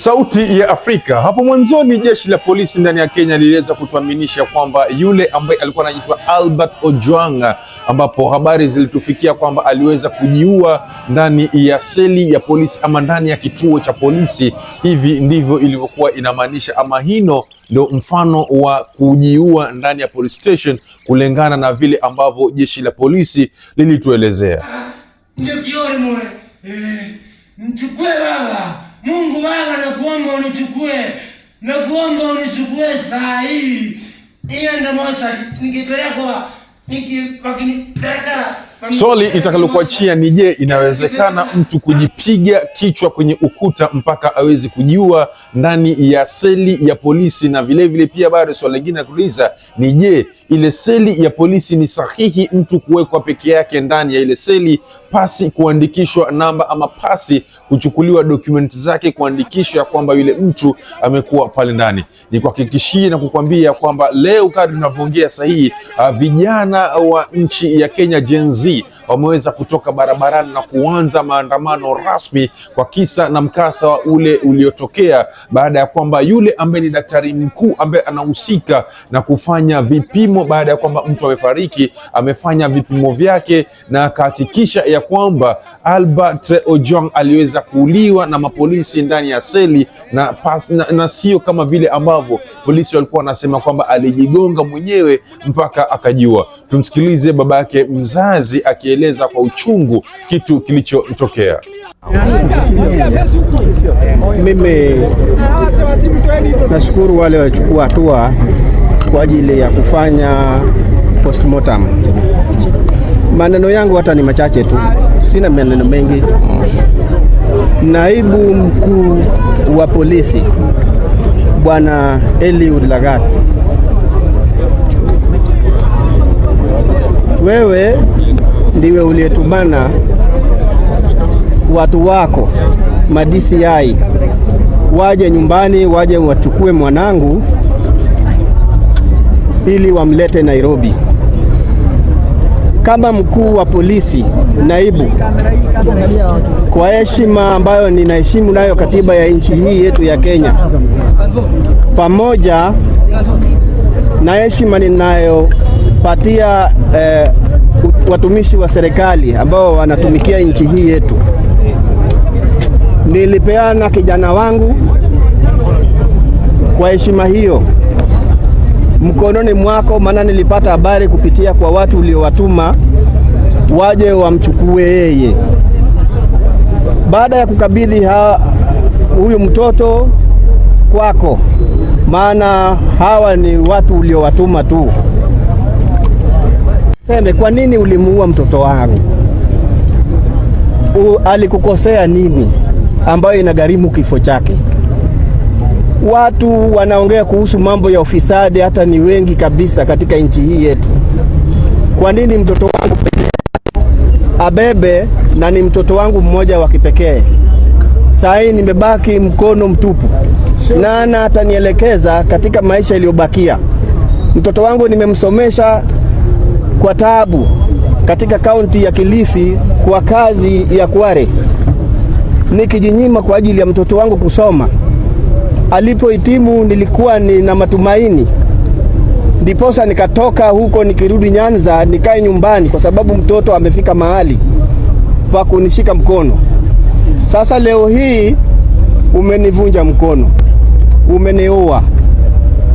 Sauti ya Afrika. Hapo mwanzoni jeshi la polisi ndani ya Kenya liliweza kutuaminisha kwamba yule ambaye alikuwa anaitwa Albert Ojwanga, ambapo habari zilitufikia kwamba aliweza kujiua ndani ya seli ya polisi ama ndani ya kituo cha polisi. Hivi ndivyo ilivyokuwa inamaanisha, ama hino ndio mfano wa kujiua ndani ya police station, kulingana na vile ambavyo jeshi la polisi lilituelezea Mungu wangu, nakuomba unichukue, nakuomba unichukue saa hii. Hiyo ndio Musa nikipelekwa, nikipeleka Swali itakalokuachia ni je, inawezekana mtu kujipiga kichwa kwenye ukuta mpaka awezi kujiua ndani ya seli ya polisi? Na vilevile pia bado swali lingine la kuuliza ni je, ile seli ya polisi ni sahihi mtu kuwekwa peke yake ndani ya ile seli pasi kuandikishwa namba ama pasi kuchukuliwa dokumenti zake kuandikishwa kwamba yule mtu amekuwa pale ndani. Ni kuhakikishia na kukwambia kwamba leo kadri tunavyoongea sahihi, uh, vijana wa nchi ya Kenya Gen Z wameweza kutoka barabarani na kuanza maandamano rasmi kwa kisa na mkasa wa ule uliotokea baada ya kwamba yule ambaye ni daktari mkuu ambaye anahusika na kufanya vipimo baada ya kwamba mtu amefariki amefanya vipimo vyake na akahakikisha ya kwamba Albert Ojwang aliweza kuuliwa na mapolisi ndani ya seli na, na, na sio kama vile ambavyo polisi walikuwa wanasema kwamba alijigonga mwenyewe mpaka akajua. Tumsikilize baba yake mzazi akieleza kwa uchungu kitu kilichotokea Mimi nashukuru wale wachukua hatua kwa ajili ya kufanya postmortem. Maneno yangu hata ni machache tu, sina maneno mengi. Naibu mkuu wa polisi Bwana Eliud Lagat wewe ndiwe uliyetumana watu wako madisi yai waje nyumbani, waje wachukue mwanangu ili wamlete Nairobi. Kama mkuu wa polisi naibu, kwa heshima ambayo ninaheshimu nayo katiba ya nchi hii yetu ya Kenya, pamoja na heshima ninayopatia eh, watumishi wa serikali ambao wanatumikia nchi hii yetu. Nilipeana kijana wangu kwa heshima hiyo mkononi mwako, maana nilipata habari kupitia kwa watu uliowatuma waje wamchukue yeye. Baada ya kukabidhi huyu mtoto kwako, maana hawa ni watu uliowatuma tu useme kwa nini ulimuua mtoto wangu, alikukosea nini ambayo inagharimu kifo chake? Watu wanaongea kuhusu mambo ya ufisadi, hata ni wengi kabisa katika nchi hii yetu. Kwa nini mtoto wangu abebe, na ni mtoto wangu mmoja wa kipekee? Sahii nimebaki mkono mtupu, nana atanielekeza katika maisha iliyobakia. Mtoto wangu nimemsomesha kwa taabu katika kaunti ya Kilifi kwa kazi ya Kware, nikijinyima kwa ajili ya mtoto wangu kusoma. Alipohitimu nilikuwa nina matumaini, ndiposa nikatoka huko nikirudi Nyanza nikae nyumbani, kwa sababu mtoto amefika mahali pa kunishika mkono. Sasa leo hii umenivunja mkono, umeniua.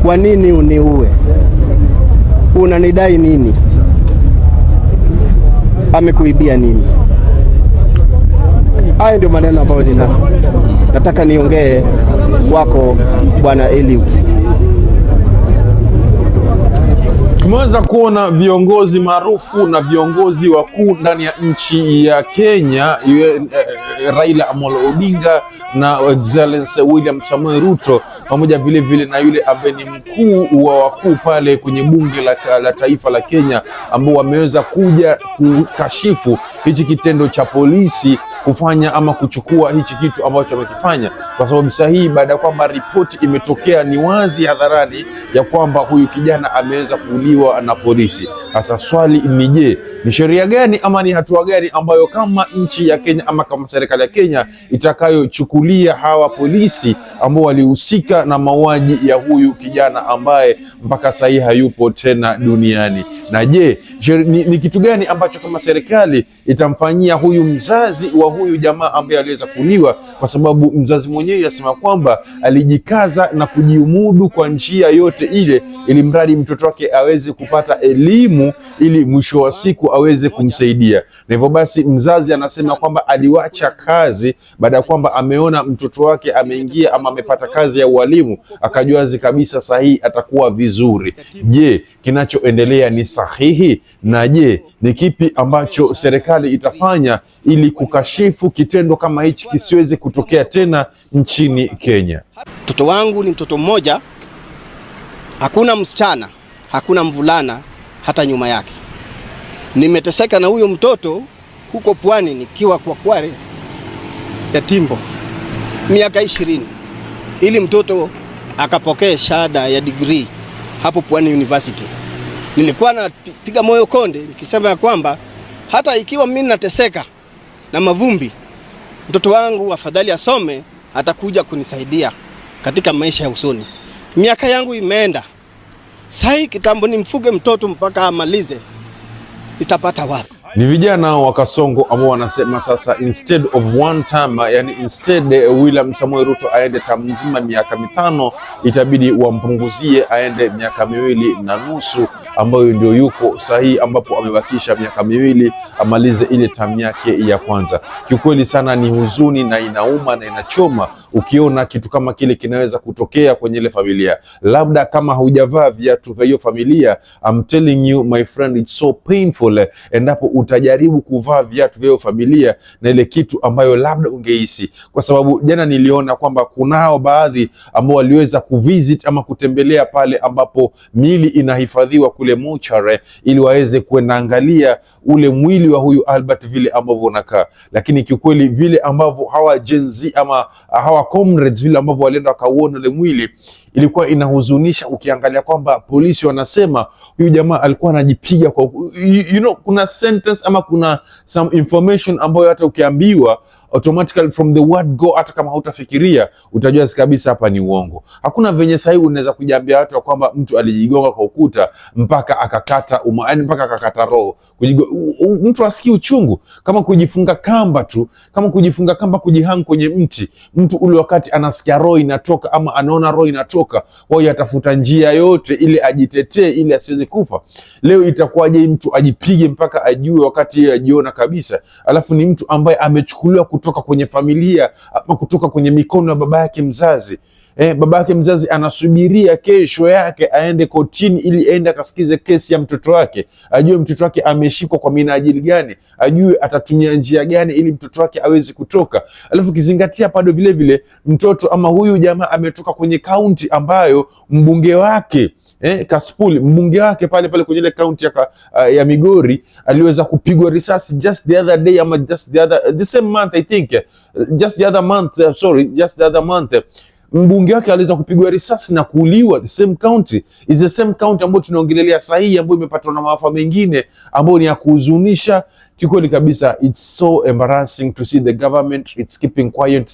Kwa nini uniue? Unanidai nini? amekuibia nini? Haya ndio maneno ambayo nina nataka niongee kwako Bwana Eliud. Tumeweza kuona viongozi maarufu na viongozi wakuu ndani ya nchi ya Kenya yue, eh, Raila Amolo Odinga na Excellence William Samoei Ruto pamoja vile vile na yule ambaye ni mkuu wa wakuu pale kwenye bunge la, la taifa la Kenya ambao wameweza kuja kukashifu hichi kitendo cha polisi kufanya ama kuchukua hichi kitu ambacho wamekifanya kwa sababu sahihi, baada ya kwamba ripoti imetokea ni wazi hadharani ya kwamba huyu kijana ameweza kuuliwa na polisi. Sasa swali ni je, ni sheria gani ama ni hatua gani ambayo kama nchi ya Kenya ama kama serikali ya Kenya itakayochukulia hawa polisi ambao walihusika na mauaji ya huyu kijana ambaye mpaka sahihi hayupo tena duniani? Na je, ni, ni kitu gani ambacho kama serikali itamfanyia huyu mzazi wa huyu jamaa ambaye aliweza kuuliwa, kwa sababu mzazi mwenye mwenyewe yasema kwamba alijikaza na kujiumudu kwa njia yote ile, ili mradi mtoto wake aweze kupata elimu, ili mwisho wa siku aweze kumsaidia. Na hivyo basi, mzazi anasema kwamba aliwacha kazi baada ya kwamba ameona mtoto wake ameingia ama amepata kazi ya ualimu, akajuazi kabisa sahihi atakuwa vizuri. Je, kinachoendelea ni sahihi? Na je, ni kipi ambacho serikali itafanya ili kukashifu kitendo kama hichi kisiweze kutokea tena? nchini Kenya. Mtoto wangu ni mtoto mmoja, hakuna msichana, hakuna mvulana hata nyuma yake. Nimeteseka na huyo mtoto huko pwani, nikiwa kwa kware ya Timbo miaka ishirini, ili mtoto akapokee shahada ya degree hapo Pwani University. Nilikuwa napiga moyo konde nikisema ya kwamba hata ikiwa mimi nateseka na mavumbi, mtoto wangu afadhali asome atakuja kunisaidia katika maisha ya usoni. Miaka yangu imeenda sahii, kitambo nimfuge mtoto mpaka amalize, itapata wapi? Ni vijana wa Kasongo ambao wanasema sasa instead of one term, yani instead eh, William Samuel Ruto aende term nzima miaka mitano, itabidi wampunguzie aende miaka miwili na nusu ambayo ndio yuko sahihi, ambapo amebakisha miaka miwili amalize ile tamu yake ya kwanza. Kiukweli sana ni huzuni na inauma na inachoma ukiona kitu kama kile kinaweza kutokea kwenye ile familia, labda kama hujavaa viatu vya hiyo familia. I'm telling you my friend, it's so painful. Endapo utajaribu kuvaa viatu vya hiyo familia na ile kitu ambayo labda ungehisi, kwa sababu jana niliona kwamba kunao baadhi ambao waliweza kuvisit ama kutembelea pale ambapo mili inahifadhiwa kule mochare, ili waweze kwenda angalia ule mwili wa huyu Albert vile ambavyo unakaa, lakini kiukweli vile ambavyo hawa jenzi ama hawa comrades vile ambavyo walienda wakauona ile mwili, ilikuwa inahuzunisha, ukiangalia kwamba polisi wanasema huyu jamaa alikuwa anajipiga kwa you, you know, kuna sentence ama kuna some information ambayo hata ukiambiwa automatically from the word go, hata kama hautafikiria utajua kabisa hapa ni uongo. Hakuna venye sahi unaweza kujiambia watu kwamba mtu alijigonga kwa ukuta mpaka akakata uma, yani mpaka akakata roho. Mtu asikii uchungu kama kujifunga kamba tu, kama kujifunga kamba, kujihang kwenye mti. Mtu ule wakati anasikia roho inatoka ama anaona roho inatoka, wao yatafuta njia yote ili ajitetee, ili asiweze kufa. Leo itakuwaje mtu ajipige mpaka ajue wakati yeye ajiona kabisa, alafu ni mtu ambaye amechukuliwa kutoka kwenye familia ama kutoka kwenye mikono ya baba yake mzazi. Eh, baba yake mzazi anasubiria kesho yake aende kotini ili aende akasikize kesi ya mtoto wake, ajue mtoto wake ameshikwa kwa minajili gani, ajue atatumia njia gani ili mtoto wake awezi kutoka. Alafu kizingatia bado vilevile mtoto ama huyu jamaa ametoka kwenye kaunti ambayo mbunge wake eh, Kaspuli mbunge wake pale pale kwenye ile kaunti ya, uh, ya Migori aliweza kupigwa risasi just the other day ama just the other the same month I think just the other month uh, sorry just the other month mbunge wake aliweza kupigwa risasi na kuuliwa the same county. Is the same county ambayo tunaongelelea saa hii ambayo imepatwa na maafa mengine ambayo ni ya kuhuzunisha kikweli kabisa. It's so embarrassing to see the government it's keeping quiet.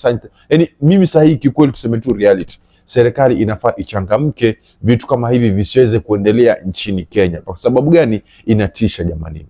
Yani mimi saa hii kikweli, tuseme tu reality serikali inafaa ichangamke, vitu kama hivi visiweze kuendelea nchini Kenya. Kwa sababu gani? Inatisha jamani.